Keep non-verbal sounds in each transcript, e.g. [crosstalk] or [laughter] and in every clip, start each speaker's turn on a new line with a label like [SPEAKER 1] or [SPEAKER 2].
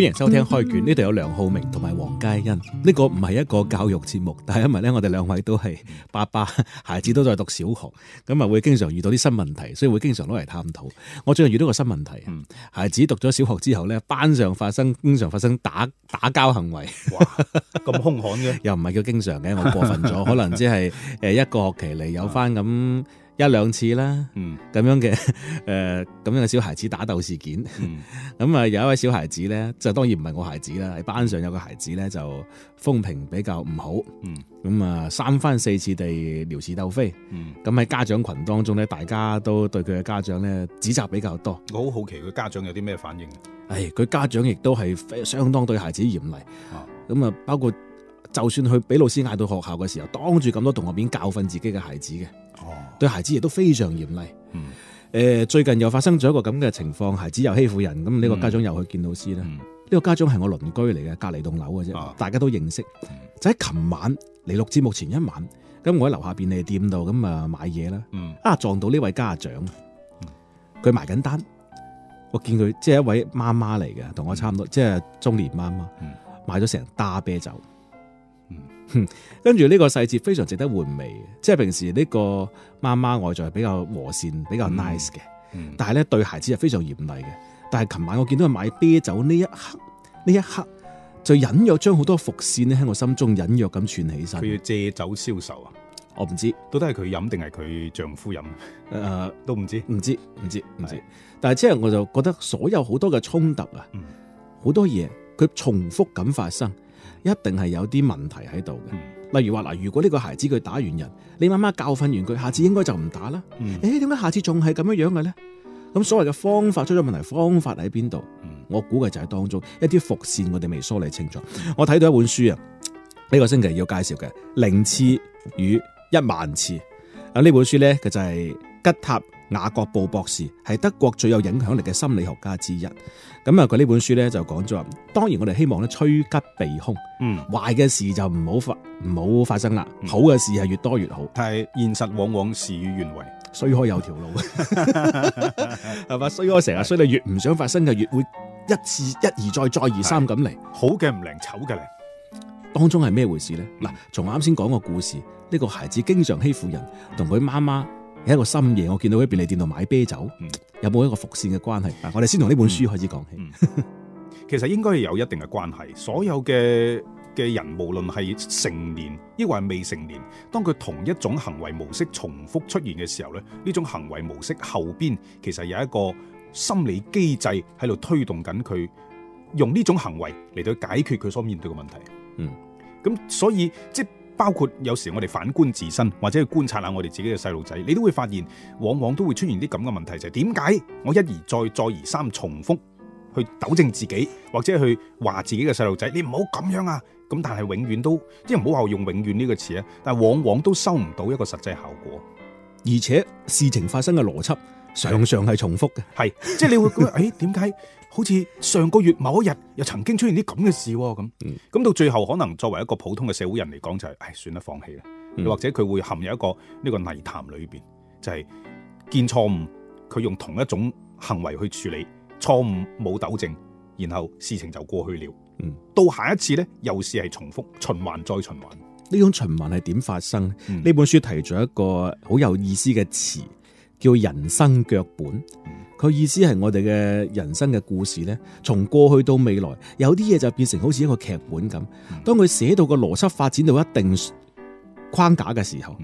[SPEAKER 1] 歡迎收聽開卷，呢度有梁浩明同埋黃佳欣。呢個唔係一個教育節目，但係因為咧，我哋兩位都係爸爸，孩子都在讀小學，咁啊會經常遇到啲新問題，所以會經常攞嚟探討。我最近遇到個新問題，孩子讀咗小學之後咧，班上發生經常發生打打交行為，嘩，咁凶悍嘅，又唔係叫經常嘅，我過分咗，可能只係誒一個學期嚟有翻咁。嗯一兩次啦，咁樣嘅誒咁樣嘅小孩子打鬥事件，咁啊、嗯、有一位小孩子咧，就當然唔係我孩子啦，係、嗯、班上有個孩子咧就風評比較唔好，咁啊、嗯、三番四次地撩事鬥非，咁喺、嗯、家長群當中咧，大家都對佢嘅家長咧指責比較多。
[SPEAKER 2] 我好好奇佢家長有啲咩反應啊？誒、
[SPEAKER 1] 哎，佢家長亦都係相當對孩子嚴厲，咁啊包括就算佢俾老師嗌到學校嘅時候，當住咁多同學面教訓自己嘅孩子嘅。哦、對孩子亦都非常嚴厲。誒、嗯，最近又發生咗一個咁嘅情況，孩子又欺負人，咁呢個家長又去見老師咧。呢、嗯、個家長係我鄰居嚟嘅，隔籬棟樓嘅啫，哦、大家都認識。嗯、就喺琴晚嚟錄節目前一晚，咁我喺樓下便利店度咁、嗯、啊買嘢啦，啊撞到呢位家長，佢、嗯、埋緊單，我見佢即係一位媽媽嚟嘅，同我差唔多，即、就、係、是、中年媽媽，嗯、買咗成打啤酒。跟住呢個細節非常值得回味，即係平時呢個媽媽外在係比較和善、比較 nice 嘅，嗯嗯、但係咧對孩子係非常嚴厲嘅。但係琴晚我見到佢買啤酒呢一刻，呢一刻就隱約將好多伏線咧喺我心中隱約咁串起身。佢要借
[SPEAKER 2] 酒消愁啊？我唔知，到底係佢飲
[SPEAKER 1] 定係佢丈夫飲？誒、呃，都唔知，唔知，唔知，唔知是。但係即係我就覺得所有好多嘅衝突啊，好、嗯、多嘢，佢重複咁發生。一定係有啲問題喺度嘅，例如話嗱，如果呢個孩子佢打完人，你媽媽教訓完佢，下次應該就唔打啦。誒、嗯，點解下次仲係咁樣樣嘅咧？咁所謂嘅方法出咗問題，方法喺邊度？我估計就係當中一啲伏線，我哋未梳理清楚。我睇到一本書啊，呢個星期要介紹嘅《零次與一萬次》啊，呢本書咧佢就係吉塔。雅各布博士係德國最有影響力嘅心理學家之一，咁啊佢呢本書咧就講咗，當然我哋希望咧趨吉避凶，嗯，壞嘅事就唔好發唔好發生啦，嗯、好嘅事係越多越好，但係現實往往事與願違，衰開有條路，係嘛，衰開成日衰，你越唔想發生嘅越會一次一而再再而三咁嚟，好嘅唔靈，醜嘅靈，當中係咩回事咧？嗱、嗯，從啱先講個故事，呢、呢個孩子經常欺負人，同佢媽媽。有一個深夜，我見到喺便利店度買啤酒，有冇一個伏線嘅關係？嗯、我哋先從呢本書開始講起，嗯嗯。
[SPEAKER 2] 其實應該係有一定嘅關係。所有嘅嘅人，無論係成年抑或係未成年，當佢同一種行為模式重複出現嘅時候咧，呢種行為模式後邊其實有一個心理機制喺度推動緊佢用呢種行為嚟到解決佢所面對嘅問題。嗯，咁所以即包括有時我哋反觀自身，或者去觀察下我哋自己嘅細路仔，你都會發現，往往都會出現啲咁嘅問題，就係點解我一而再、再而三重複去糾正自己，或者去話自己嘅細路仔，你唔好咁樣啊！咁但係永遠都，即係唔好話我用永遠呢個詞啊，但係往往都收唔到一個實際效果，而且事情發生嘅邏輯常常係重複嘅，係即係你會覺，誒點解？好似上個月某一日又曾經出現啲咁嘅事喎，咁咁、嗯、到最後可能作為一個普通嘅社會人嚟講就係、是，唉，算啦，放棄啦。嗯、或者佢會陷入一個呢個泥潭裏邊，就係、是、見錯誤，佢用同一種行為去處理錯誤，冇糾正，然後事情就過去了。嗯，到下一次呢，又試是係重複循環再循環。呢種循環係點發生？呢、嗯、本書提咗一個
[SPEAKER 1] 好有意思嘅詞，叫人生腳本。嗯佢意思係我哋嘅人生嘅故事呢，從過去到未來，有啲嘢就變成好似一個劇本咁。當佢寫到個邏輯發展到一定框架嘅時候，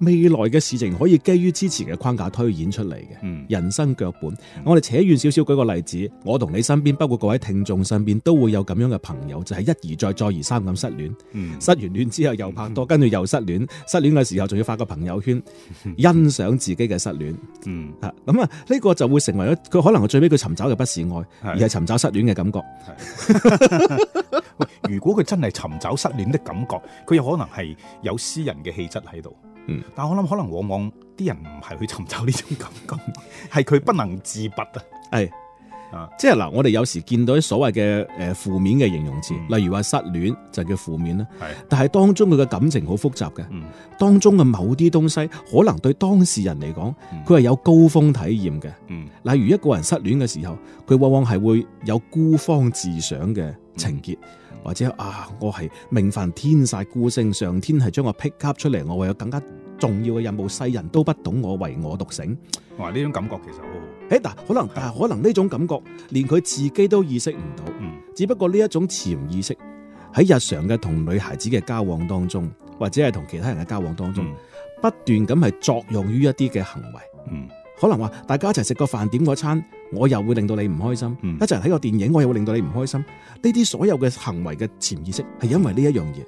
[SPEAKER 1] 未來嘅事情可以基於之前嘅框架推演出嚟嘅、嗯、人生腳本。嗯、我哋扯遠少少舉個例子，我同你身邊包括各位聽眾身邊都會有咁樣嘅朋友，就係、是、一而再、再而三咁失戀。嗯、失完戀之後又拍拖，嗯、跟住又失戀。失戀嘅時候仲要發個朋友圈、嗯、欣賞自己嘅失戀。啊、嗯，咁啊，呢、這個就會成為咗佢可能最尾佢尋找嘅不
[SPEAKER 2] 是愛，是的而係尋找失戀嘅感覺。是的 [laughs] 如果佢真係尋找失戀嘅感覺，佢有可能係有私人。嘅氣質喺度，嗯、但我諗可能往往啲人唔係去尋找呢種感覺，係佢不能自拔是啊！係啊，
[SPEAKER 1] 即係嗱，我哋有時見到啲所謂嘅誒負面嘅形容詞，嗯、例如話失戀就叫負面啦。是但係當中佢嘅感情好複雜嘅，嗯、當中嘅某啲東西可能對當事人嚟講，佢係、嗯、有高峰體驗嘅。嗯，例如一個人失戀嘅時候，佢往往係會有孤芳自賞嘅情結，或者啊，我係命犯天煞孤星，上天係將我 pick up 出嚟，我會有更加重要嘅任務，世人都不懂我，唯我獨醒，
[SPEAKER 2] 哇！呢種感覺其實好
[SPEAKER 1] 好，誒嗱，可能但可能呢種感覺，連佢自己都意識唔到，嗯、只不過呢一種潛意識喺日常嘅同女孩子嘅交往當中，或者係同其他人嘅交往當中，嗯、不斷咁係作用於一啲嘅行為，嗯。可能話，大家一齊食個飯點個餐，我又會令到你唔開心；嗯、一齊睇個電影，我又會令到你唔開心。呢啲所有嘅行為嘅潛意識係因為呢一
[SPEAKER 2] 樣嘢，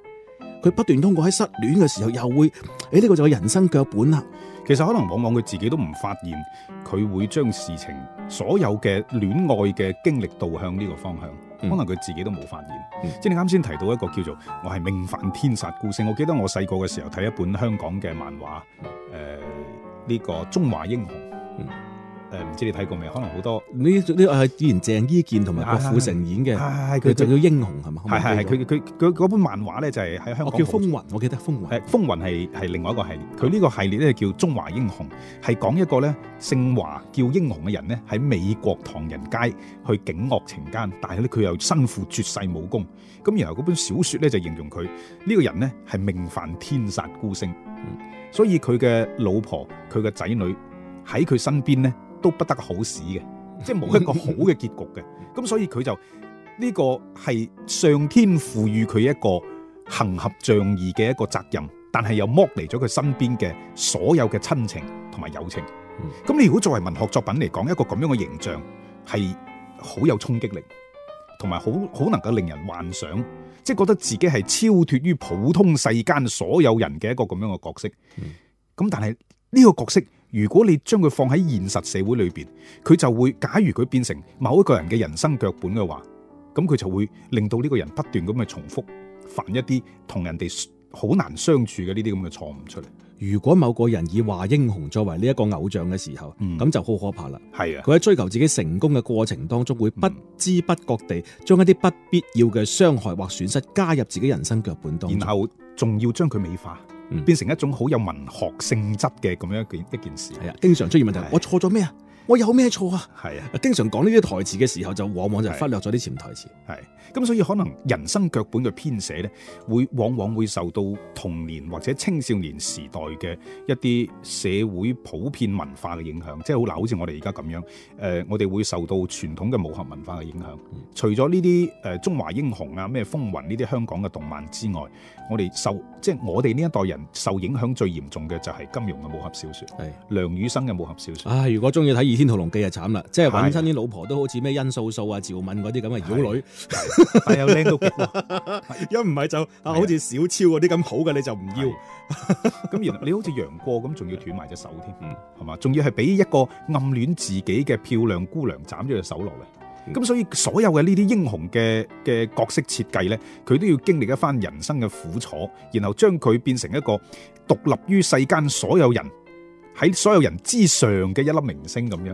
[SPEAKER 2] 佢、嗯、不斷通過喺失戀嘅時候又會，哎、欸、呢、呢個就係人生腳本啦。其實可能往往佢自己都唔發現，佢會將事情所有嘅戀愛嘅經歷導向呢個方向，嗯、可能佢自己都冇發現。即係、嗯、你啱先提到一個叫做我係命犯天煞孤星。我記得我細個嘅時候睇一本香港嘅漫畫，誒呢、嗯呃呢個《中華英雄》。誒，唔、嗯、知你睇過未？可能好多呢呢，係以前鄭伊健同埋郭富城演嘅，佢就叫英雄係嘛？係係係，佢佢佢嗰本漫畫咧就係喺香港、哦、叫風雲，像我記得風雲。誒，風雲係係另外一個系列，佢呢、嗯、個系列咧叫中華英雄，係講一個咧姓華叫英雄嘅人呢喺美國唐人街去警惡懲奸，但係咧佢又身負絕世武功，咁然後嗰本小說咧就形容佢呢、這個人呢係命犯天煞孤星，嗯、所以佢嘅老婆佢嘅仔女。喺佢身邊咧，都不得好死嘅，即係冇一個好嘅結局嘅。咁 [laughs] 所以佢就呢、呢個係上天賦予佢一個行俠仗義嘅一個責任，但係又剝離咗佢身邊嘅所有嘅親情同埋友情。咁、嗯、你如果作為文學作品嚟講，一個咁樣嘅形象係好有衝擊力，同埋好好能夠令人幻想，即、就、係、是、覺得自己係超脫於普通世間所有人嘅一個咁樣嘅角色。咁、嗯、但係呢個角色。如果你將佢放喺現實社會裏邊，佢就會，假如佢變成某一個人嘅人生腳本嘅話，咁佢就會令到呢個人不斷咁去重複犯一啲同人哋好難相處嘅呢啲咁嘅錯誤出嚟。如果某個人以華
[SPEAKER 1] 英雄作為呢一個偶像嘅時候，咁、嗯、就好可怕啦。係啊的，佢喺追求自己成功嘅過程當
[SPEAKER 2] 中，會不知不覺地將一啲不必要嘅傷害或損失加入自己人生腳本當中，然後仲要將佢美化。變成一種好有文學性質嘅咁樣一件一件事，嗯，係啊，經常出現問題，的我錯咗咩啊？我、哦、有咩錯啊？係啊，經常講呢啲台詞嘅時候，就往往就忽略咗啲潛台詞。係咁、啊，啊、所以可能人生腳本嘅編寫咧，會往往會受到童年或者青少年時代嘅一啲社會普遍文化嘅影響。即、就、係、是、好嗱，好似我哋而家咁樣，誒、呃，我哋會受到傳統嘅武俠文化嘅影響。嗯、除咗呢啲誒中華英雄啊、咩風雲呢啲香港嘅動漫之外，我哋受即係、就是、我哋呢一代人受影響最嚴重嘅就係金庸嘅武俠小說，係、啊、梁羽生嘅武俠小說。啊，
[SPEAKER 1] 如果中意睇天屠龍記就慘啦，即係搵親
[SPEAKER 2] 啲老婆都好似咩
[SPEAKER 1] 殷素素啊、趙敏嗰啲咁嘅妖女，係又靚到極，一唔係就
[SPEAKER 2] 啊，好似小超嗰啲咁好嘅你就唔要，咁原來你好似楊過咁，仲要斷埋隻手添，係嘛，仲要係俾一個暗戀自己嘅漂亮姑娘斬咗隻手落嚟，咁所以所有嘅呢啲英雄嘅嘅角色設計咧，佢都要經歷一番人生嘅苦楚，然後將佢變成一個獨立於世間所有人。喺所有人之上嘅一粒明星咁樣，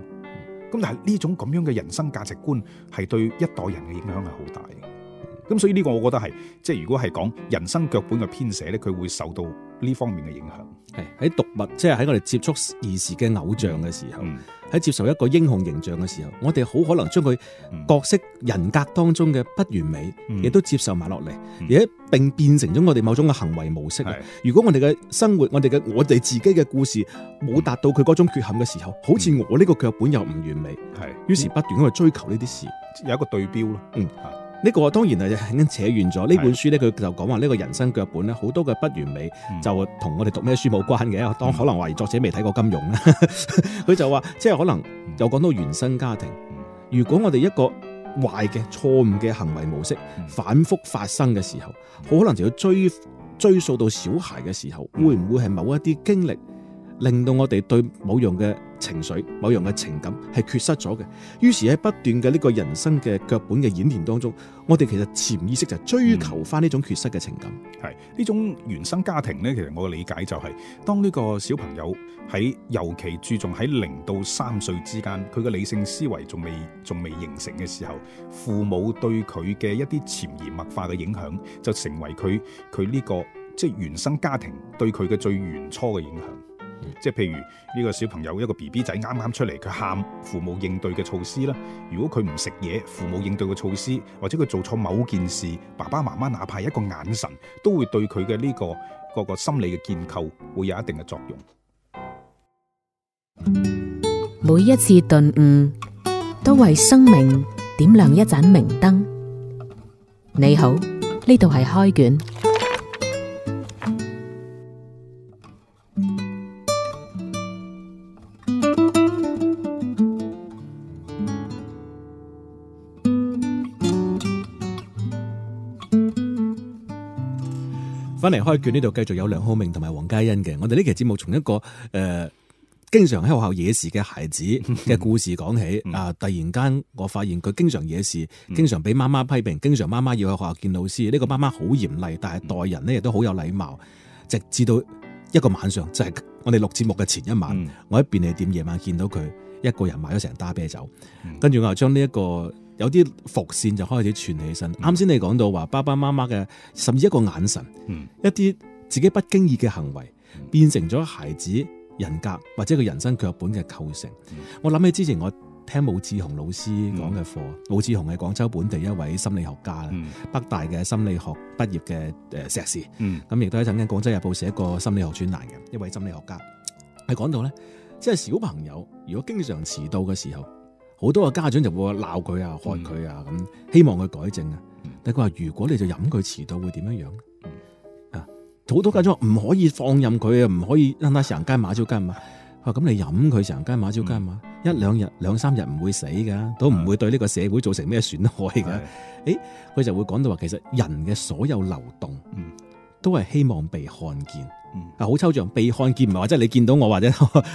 [SPEAKER 2] 咁但係呢種咁樣嘅人生價值觀係對一代人嘅影響係好大嘅，咁所以呢個我覺得係，即係如果係講人生腳本嘅編寫咧，佢會受到。呢方面嘅影響係喺讀物，即係喺我哋接
[SPEAKER 1] 觸兒時嘅偶像嘅時候，喺接受一個英雄形象嘅時候，我哋好可能將佢角色人格當中嘅不完美，亦都接受埋落嚟，而且並變成咗我哋某種嘅行為模式。如果我哋嘅生活，我哋嘅我哋自己嘅故事冇達到佢嗰種缺陷嘅時候，好似我呢個腳本又唔完美，係於是不斷咁去追求呢啲事，有一個對標咯。嗯。呢個當然係已經扯遠咗。呢本書咧，佢就講話呢個人生腳本咧，好多嘅不完美、嗯、就同我哋讀咩書冇關嘅。當可能話而作者未睇過金融啦，佢就話即係可能又講到原生家庭。如果我哋一個壞嘅錯誤嘅行為模式反覆發生嘅時候，好可能就要追追溯到小孩嘅時候，會唔會係某一啲經歷？令到我哋對某樣嘅情緒、某樣嘅情感係缺失咗嘅。於是喺不斷嘅呢個
[SPEAKER 2] 人生嘅腳本嘅演練當中，我哋其實潛意識就追求翻呢種缺失嘅情感。係呢、嗯、種原生家庭呢，其實我嘅理解就係、是、當呢個小朋友喺尤其注重喺零到三歲之間，佢嘅理性思維仲未仲未形成嘅時候，父母對佢嘅一啲潛移默化嘅影響，就成為佢佢呢個即、就是、原生家庭對佢嘅最原初嘅影響。即係譬如呢個小朋友，一個 BB 仔啱啱出嚟，佢喊，父母應對嘅措施啦。如果佢唔食嘢，父母應對嘅措施，或者佢做錯某件事，爸爸媽媽哪怕一個眼神，都會對佢嘅呢個個個心理嘅建構會有一定嘅作用。
[SPEAKER 1] 每一次頓悟，都為生命點亮一盞明燈。你好，呢度係開卷。翻嚟開卷呢度繼續有梁浩明同埋黃嘉欣嘅，我哋呢期節目從一個誒、呃、經常喺學校惹事嘅孩子嘅故事講起，啊、 [laughs] 呃、突然間我發現佢經常惹事， [laughs] 經常俾媽媽批評，經常媽媽要去學校見老師，呢、這個媽媽好嚴厲，但係待人呢亦都好有禮貌。直至到一個晚上，即、就、係、是、我哋錄節目嘅前一晚， [laughs] 我喺便利店夜晚見到佢一個人買咗成打啤酒，跟住我又將呢、這、一個。有啲伏線就開始串起身。啱先、嗯、你講到話，爸爸媽媽嘅甚至一個眼神，嗯、一啲自己不經意嘅行為，嗯、變成咗孩子人格或者個人生腳本嘅構成。嗯、我諗起之前我聽武志紅老師講嘅課，嗯、武志紅係廣州本地一位心理學家，嗯、北大嘅心理學畢業嘅誒碩士，咁亦都喺曾經廣州日報寫過心理學專欄嘅一位心理學家，佢講到咧，即、就、係、是、小朋友如果經常遲到嘅時候。好多嘅家長就會鬧佢啊、害佢啊咁，嗯、希望佢改正啊。嗯、但係佢話：如果你就飲佢遲到會怎，會點樣樣啊？好多家長話唔可以放任佢啊，唔可以拉拉成間馬超間嘛。啊，咁你飲佢成間馬超間嘛，一兩日，兩三日唔會死噶，嗯、都唔會對呢個社會造成咩損害噶。誒是的、欸，佢就會講到話，其實人嘅所有流動，都係希望被看見。係好抽象，被看見唔係話即係你見到我，或者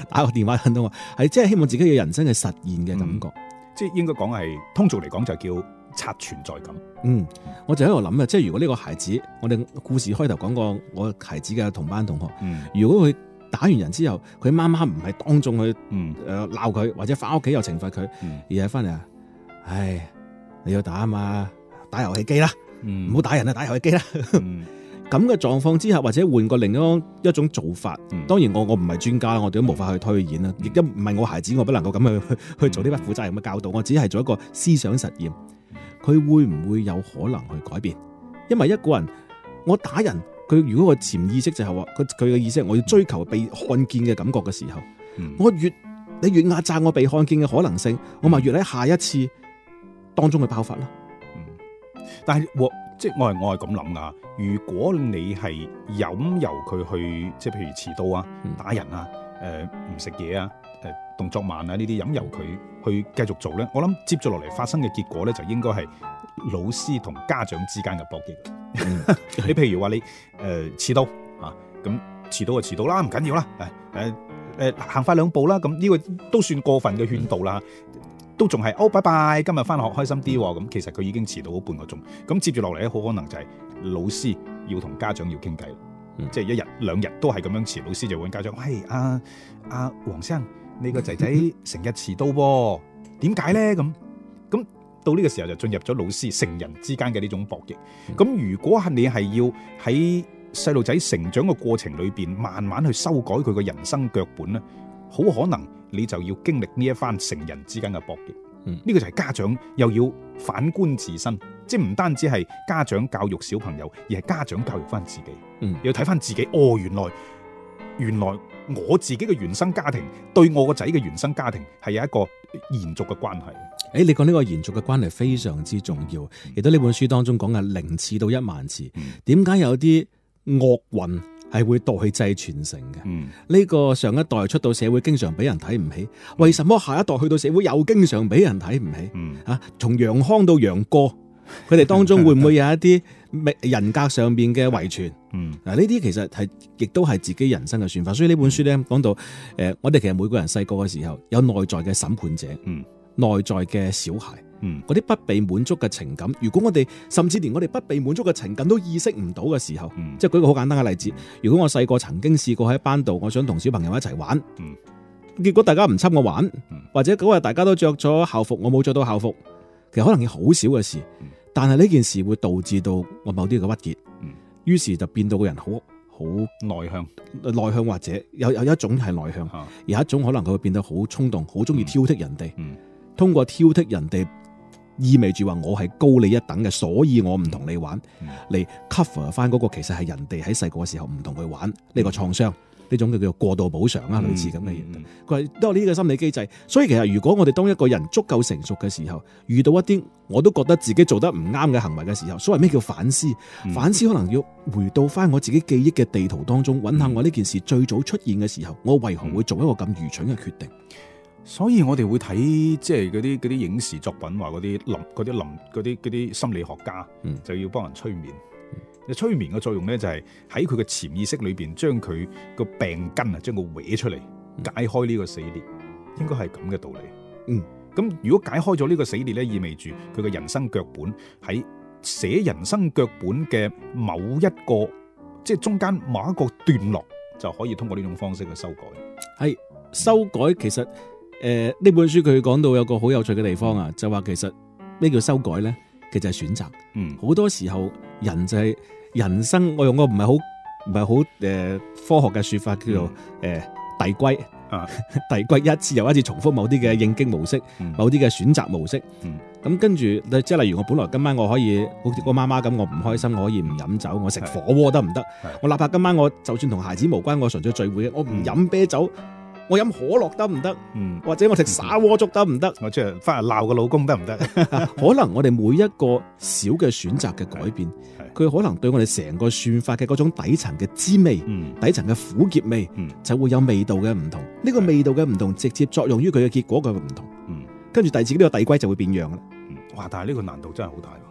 [SPEAKER 1] 打個電話聽到我，係即係希望自己嘅人生嘅實現嘅感覺。嗯，即係應該講係通俗嚟講就叫刷存在感。嗯，我就喺度諗啊，即係如果呢個孩子，我哋故事開頭講過我孩子嘅同班同學，嗯，如果佢打完人之後，佢媽媽唔係當眾去誒，嗯，鬧佢，或者翻屋企又懲罰佢，嗯，而係翻嚟啊，唉，你要打啊嘛，打遊戲機啦，唔好，嗯，打人啊，打遊戲機啦。嗯 [laughs] 咁嘅狀況之下，或者換個另一一種做法，當然我我唔係專家，我哋都無法去推演啦。亦都唔係我孩子，我不能夠咁去去做呢啲負責任嘅教導。我只係做一個思想實驗，佢會唔會有可能去改變？因為一個人，我打人，佢如果個潛意識就係話，佢佢嘅意識我要追求被看見嘅感覺嘅時候，我越你越壓榨我被看見嘅可能性，我咪越喺下一次當中去爆發啦。
[SPEAKER 2] 但係我。即係我係我係咁諗噶如果你係任由佢去，即係譬如遲到啊、打人啊、誒唔食嘢啊、誒、呃、動作慢啊呢啲，任由佢去繼續做咧，我諗接住落嚟發生嘅結果咧，就應該係老師同家長之間嘅博弈。 [laughs] 你譬如話你誒遲、呃、到啊，咁遲到就遲到啦，唔緊要，要啦，誒誒誒行快兩步啦，咁呢個都算過分嘅勸導啦。嗯都仲係，哦，拜拜，今日翻學開心啲喎。咁、嗯、其實佢已經遲到好半個鐘。咁接住落嚟咧，好可能就係老師要同家長要傾偈，即係一日兩日都係咁樣遲，老師就揾家長，喂，阿啊黃、啊、生，你個仔仔成日遲到喎，點解、嗯、呢？嗯咁咁到呢個時候就進入咗老師成人之間嘅呢種博弈。咁、嗯、如果係你係要喺細路仔成長嘅過程裏面，慢慢去修改佢嘅人生腳本呢好可能你就要經歷呢一番成人之間嘅博弈，呢、嗯、個就係家長又要反觀自身，即係唔單止係家長教育小朋友，而係家長教育翻自己，嗯、要睇翻自己。哦，原來原來我自己嘅原生家庭對我個仔嘅原生家庭係有一個延續嘅關係。誒，你講呢個延續嘅
[SPEAKER 1] 關係非常之重要，亦都呢本書當中講嘅零次到一萬次，點解、嗯、有啲惡運？係會代際傳承嘅，呢、嗯、個上一代出到社會經常俾人睇唔起，嗯、為什麼下一代去到社會又經常俾人睇唔起？嗯、啊，從楊康到楊過，佢哋當中會唔會有一啲人格上邊嘅遺傳？嗱、嗯，呢、嗯、啲其實係亦都係自己人生嘅算法。所以呢本書咧、嗯、講到，誒、呃，我哋其實每個人細個嘅時候有內在嘅審判者，嗯、內在嘅小孩。嗯，嗰啲不被滿足嘅情感，如果我哋甚至連我哋不被滿足嘅情感都意識唔到嘅時候，即係、嗯、舉一個好簡單嘅例子，如果我細個曾經試過喺班度，我想同小朋友一齊玩，嗯，結果大家唔侵我玩，嗯、或者嗰日大家都着咗校服，我冇着到校服，其實可能係好少嘅事，嗯、但係呢件事會導致到我某啲嘅鬱結，嗯，於是就變到個人好好內向，內向或者有有一種係內向，啊、有一種可能佢會變得好衝動，好中意挑剔人哋，嗯嗯、通過挑剔人哋。意味住話我係高你一等嘅，所以我唔同你玩嚟、嗯、cover 翻嗰個，其實係人哋喺細個嘅時候唔同佢玩呢、嗯、個創傷，呢、嗯、種叫做過度補償啊，嗯、類似咁嘅嘢，佢、嗯嗯、都有呢個心理機制。所以其實如果我哋當一個人足夠成熟嘅時候，遇到一啲我都覺得自己做得唔啱嘅行為嘅時候，所謂咩叫反思？嗯、反思可能要回到翻我自己記憶嘅地圖當中，揾下我呢件事、嗯、最早出現嘅時候，我為何會做一個咁
[SPEAKER 2] 愚蠢嘅決定？所以我哋會睇即係嗰啲啲影視作品，話嗰啲林嗰啲林嗰啲啲心理學家，嗯，就要幫人催眠。你、嗯、催眠嘅作用咧，就係喺佢嘅潛意識裏邊，將佢個病根啊，將佢搲出嚟，解開呢個死結。應該係咁嘅道理。嗯，咁如果解開咗呢個死結咧，意味住佢嘅人生腳本喺寫人生腳本嘅某一個，即係中間某一個段落，就可以通過呢種方式去修改。係、嗯、
[SPEAKER 1] 修改，其實。誒，呢本書佢講到有個好有趣嘅地方啊，就話其實咩叫修改咧，其實係選擇。嗯，好多時候人就係、是、人生，我用個唔係好唔係好誒科學嘅說法，叫做誒遞歸。啊，遞 [laughs] 歸一次又一次重複某啲嘅應激模式，嗯、某啲嘅選擇模式。咁、嗯、跟住，即係例如我本來今晚我可以好似我媽媽咁，我唔開心，嗯、我可以唔飲酒，我食火鍋得唔得？我立怕今晚我就算同孩子無關，我純粹聚會我唔飲啤酒。嗯我飲可樂得唔得？嗯，或者我食砂鍋粥得唔得？嗯、我出嚟翻嚟鬧個老公得唔得？ [laughs] 可能我哋每一個小嘅選擇嘅改變，佢可能對我哋成個算法嘅嗰種底層嘅滋味，嗯、底層嘅苦澀味，嗯、就會有味道嘅唔同。呢、嗯、個味道嘅唔同，是直接作用於佢嘅結果，佢唔同。嗯，跟住第二次呢個遞歸就會變樣啦、嗯。
[SPEAKER 2] 哇！但係呢個難度真係好大喎。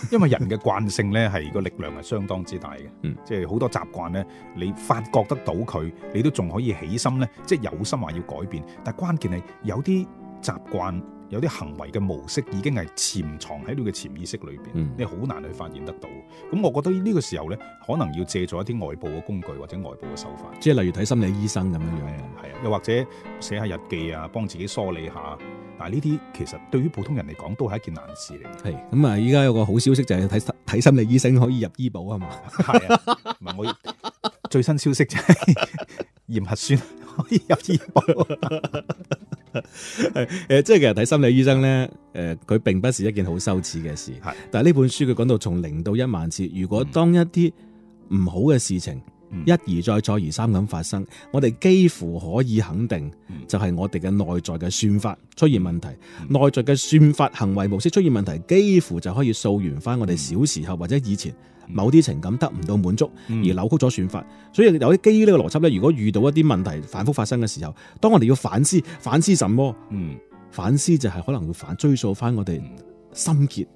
[SPEAKER 2] [laughs] 因為人嘅慣性咧，係個力量係相當之大嘅，嗯，即係好多習慣咧，你發覺得到佢，你都仲可以起心咧，即係有心話要改變。但係關鍵係有啲習慣、有啲行為嘅模式已經係潛藏喺你嘅潛意識裏邊，嗯、你好難去發現得到。咁我覺得呢個時候咧，可能要借助一啲外部嘅工具或者外部嘅手法，即係例如睇心理醫生咁樣樣，係啊，又或者寫下日記啊，幫自己梳理下。但係，呢啲、啊、其實對於普通人嚟講都係一件難事嚟。係
[SPEAKER 1] 咁啊，依家有個好消息就係睇睇心理醫生可以入醫保啊嘛。係 [laughs] 啊，唔係我 [laughs] 最新消息就係驗核酸可
[SPEAKER 2] 以入醫保。
[SPEAKER 1] 係 [laughs] 誒、 [laughs] 呃，即係其實睇心理醫生咧，誒、呃，佢並不是一件好羞恥嘅事。係是，但係呢本書佢講到從零到一萬次，如果當一啲唔好嘅事情，嗯一而再、再而三咁發生，我哋幾乎可以肯定，就係我哋嘅內在嘅算法出現問題，嗯、內在嘅算法行為模式出現問題，嗯、幾乎就可以溯源翻我哋小時候、嗯、或者以前某啲情感得唔到滿足、嗯、而扭曲咗算法。所以有啲基於呢個邏輯咧，如果遇到一啲問題反覆發生嘅時候，當我哋要反思，反思什麼？嗯、反思就係可能會反追溯翻我哋
[SPEAKER 2] 心結。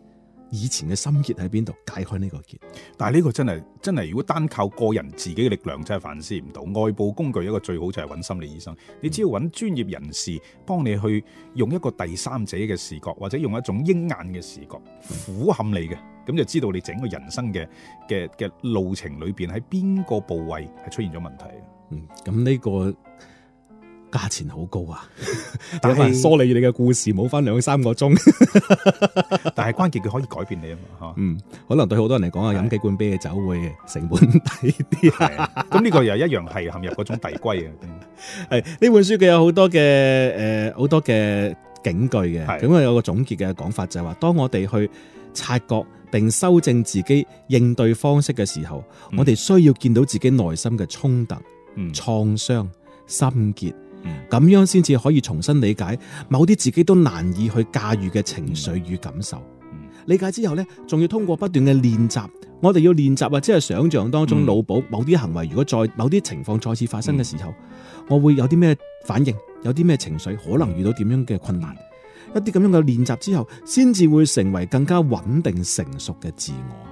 [SPEAKER 2] 以前嘅心結喺邊度？解開呢個結，但係呢個真係真係，如果單靠個人自己嘅力量，真係反思唔到。外部工具一個最好就係揾心理醫生，你只要揾專業人士幫你去用一個第三者嘅視覺，或者用一種鷹眼嘅視覺俯瞰你嘅，咁、嗯、就知道你整個人生嘅嘅嘅路程裏邊喺邊個部位係出現咗問題的。嗯，咁呢、呢個。價
[SPEAKER 1] 錢好高啊！
[SPEAKER 2] 但係梳
[SPEAKER 1] 理你嘅故事，冇翻兩三個鐘。
[SPEAKER 2] 但係關鍵，佢可以改變你啊嘛。嗯，可能對好多人嚟講啊，飲幾罐啤酒會成本低啲。咁呢個又一樣係陷入嗰種遞歸啊。係呢本書佢
[SPEAKER 1] 有好多嘅誒，好多嘅警句嘅。咁啊有個總結嘅講法就係話，當我哋去察覺並修正自己應對方式嘅時候，我哋需要見到自己內心嘅衝突、創傷、心結。咁樣先至可以重新理解某啲自己都難以去駕馭嘅情緒與感受。嗯、理解之後呢，仲要通過不斷嘅練習，我哋要練習或者係想象當中腦補某啲行為，如果在某啲情況再次發生嘅時候，嗯、我會有啲咩反應，有啲咩情緒，可能遇到點樣嘅困難。一啲咁樣嘅練習之後，先至會成為更加穩定成熟嘅自我。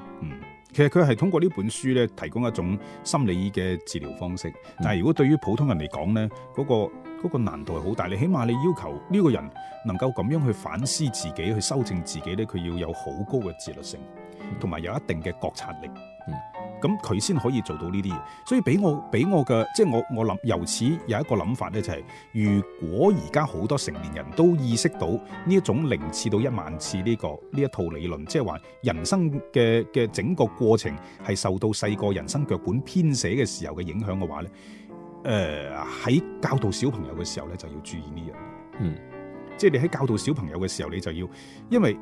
[SPEAKER 2] 其實佢係通過呢本書咧提供一種心理嘅治療方式，但係如果對於普通人嚟講咧，嗰個嗰個難度係好大。你起碼你要求呢個人能夠咁樣去反思自己，去修正自己咧，佢要有好高嘅自律性，同埋有一定嘅覺察力。嗯。咁佢先可以做到呢啲嘢，所以俾我俾我嘅，即係我我諗，由此有一個諗法呢、就是，就係如果而家好多成年人都意識到呢一種零次到一萬次呢、這個呢一套理論，即係話人生嘅嘅整個過程係受到細個人生腳本編寫嘅時候嘅影響嘅話呢，誒、呃、喺教導小朋友嘅時候呢，就要注意呢樣嘢，嗯，即係你喺教導小朋友嘅時候，你就要因為。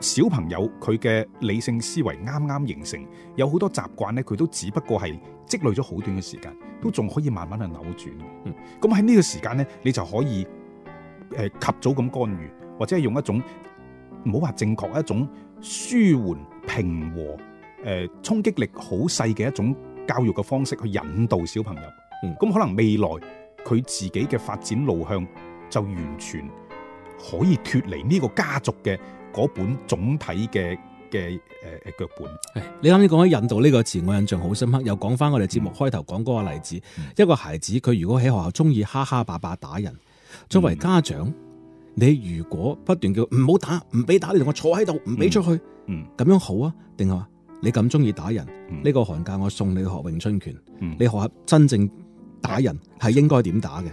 [SPEAKER 2] 小朋友佢嘅理性思維啱啱形成，有好多習慣咧，佢都只不過係積累咗好短嘅時間，都仲可以慢慢去扭轉。嗯，咁喺呢個時間咧，你就可以誒、呃、及早咁干預，或者用一種唔好話正確一種舒緩平和誒、呃、衝擊力好細嘅一種教育嘅方式去引導小朋友。咁、嗯、可能未來佢自己嘅發展路向就完全可以脫離呢個家族嘅。嗰本總體嘅嘅、呃、腳本，你啱先講緊印度呢個詞，我印象好深刻。
[SPEAKER 1] 又講翻我哋節目，嗯、開頭講嗰個例子，嗯、一個孩子佢如果喺學校中意哈哈霸霸打人，作為家長，你如果不斷叫唔好、嗯、打，唔俾打，你同我坐喺度，唔俾出去，咁、嗯嗯、樣好啊？定係話你咁中意打人，呢、嗯、個寒假我送你去學詠春拳，嗯、你學下真正打人係應該點打嘅？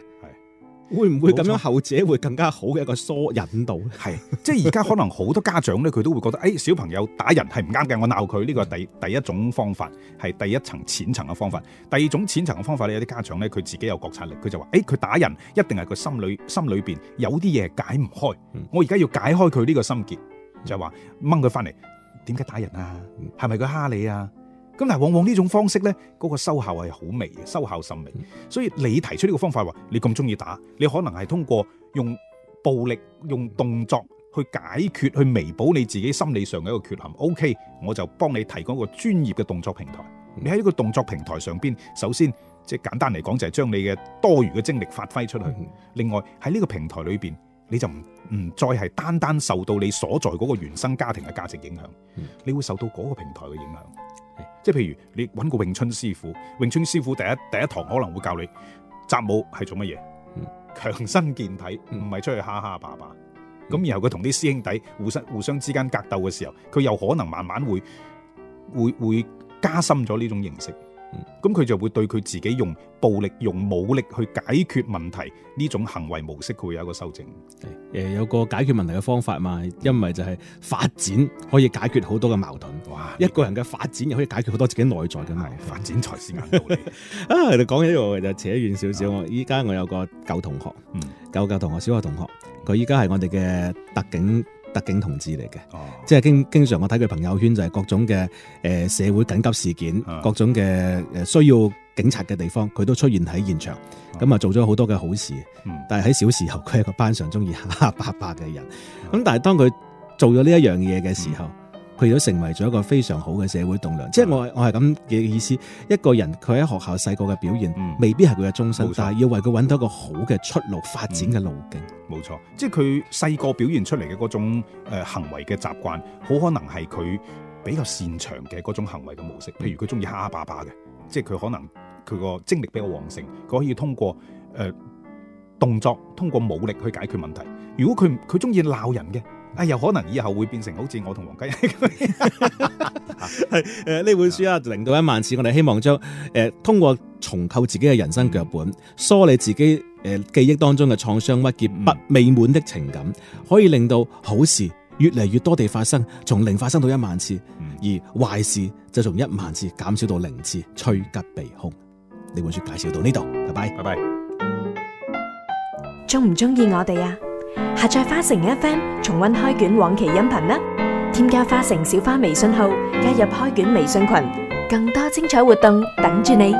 [SPEAKER 2] 會唔會咁樣後者會更加好嘅一個疏沒錯 引導咧？係即係而家可能好多家長咧，佢都會覺得誒、 [laughs] 欸、小朋友打人係唔啱嘅，我鬧佢，呢個第第一種方法係第一層淺層嘅方法。第二種淺層嘅方法咧，有啲家長咧佢自己有覺察力，佢就話誒佢打人一定係個心裏心裏邊有啲嘢解唔開，我而家要解開佢呢個心結，就係話掹佢翻嚟點解打人啊？係咪佢蝦你啊？咁但往往呢種方式呢，嗰個收效係好微嘅，收效甚微。所以你提出呢個方法話，你咁中意打，你可能係通過用暴力、用動作去解決，去彌補你自己心理上嘅一個缺陷。O.K.，我就幫你提供一個專業嘅動作平台。你喺呢個動作平台上邊，首先即係簡單嚟講，就係將你嘅多餘嘅精力發揮出去。另外喺呢個平台裏邊，你就唔唔再係單單受到你所在嗰個原生家庭嘅價值影響，你會受到嗰個平台嘅影響。即係譬如你揾個詠春師傅，詠春師傅第一第一堂可能會教你習武係做乜嘢，強身健體唔係、嗯、出去嚇嚇霸霸。咁、嗯、然後佢同啲師兄弟互相互相之間格鬥嘅時候，佢又可能慢慢會會會加深咗呢種形式。咁佢就會對佢自己用暴力、用武力去解決問題呢種行為模式，佢會有一個修正誒，有個解決問題嘅方法嘛，因為就係發
[SPEAKER 1] 展可以解決好多嘅矛盾。哇，一個人嘅發展又可以解決好多自己內在嘅問題。發展才是硬道理 [laughs] 啊！你講起呢個就扯遠少少。我依家我有個舊同學，嗯，舊舊同學，小學同學，佢依家係我哋嘅特警。特警同志嚟嘅，oh. 即係經經常我睇佢朋友圈就係各種嘅誒、呃、社會緊急事件，oh. 各種嘅誒需要警察嘅地方，佢都出現喺現場，咁啊、oh. 做咗好多嘅好事。Oh. 但係喺小時候，佢係個班上中意哈哈白白嘅人，咁、oh. 但係當佢做咗呢一樣嘢嘅時候。Oh. 嗯佢都成為咗一個非常好嘅社會棟樑，即係的我我係咁嘅意思。一個人佢喺學校細個嘅表現，嗯、未必係佢嘅終身，錯但係要為佢揾到一個好嘅出路、嗯、發
[SPEAKER 2] 展嘅路徑。冇錯，即係佢細個表現出嚟嘅嗰種、呃、行為嘅習慣，好可能係佢比較擅長嘅嗰種行為嘅模式。譬如佢中意哈哈霸霸嘅，即係佢可能佢個精力比較旺盛，佢可以通過誒、呃、動作，通過武力去解決問題。如果佢佢中意鬧人嘅。啊，又、哎、可能以後會變成好似我同黃吉一樣。 [laughs] [laughs] 係誒，呢本書啊，是的 零到一萬次，我哋希望將
[SPEAKER 1] 誒、呃、通過重構自己嘅人生腳本，梳理、嗯、自己誒、呃、記憶當中嘅創傷、鬱結、不美滿的情感，嗯、可以令到好事越嚟越多地發生，從零發生到一萬次，嗯、而壞事就從一萬次減少到零次，趨吉避凶。呢本書介紹到呢度，拜拜，拜拜。
[SPEAKER 2] 中唔中意我哋啊？下載花城 FM，重溫開卷往期音頻啦！添加花城小花微信號，加入開卷微信群，更多精彩活動等住你。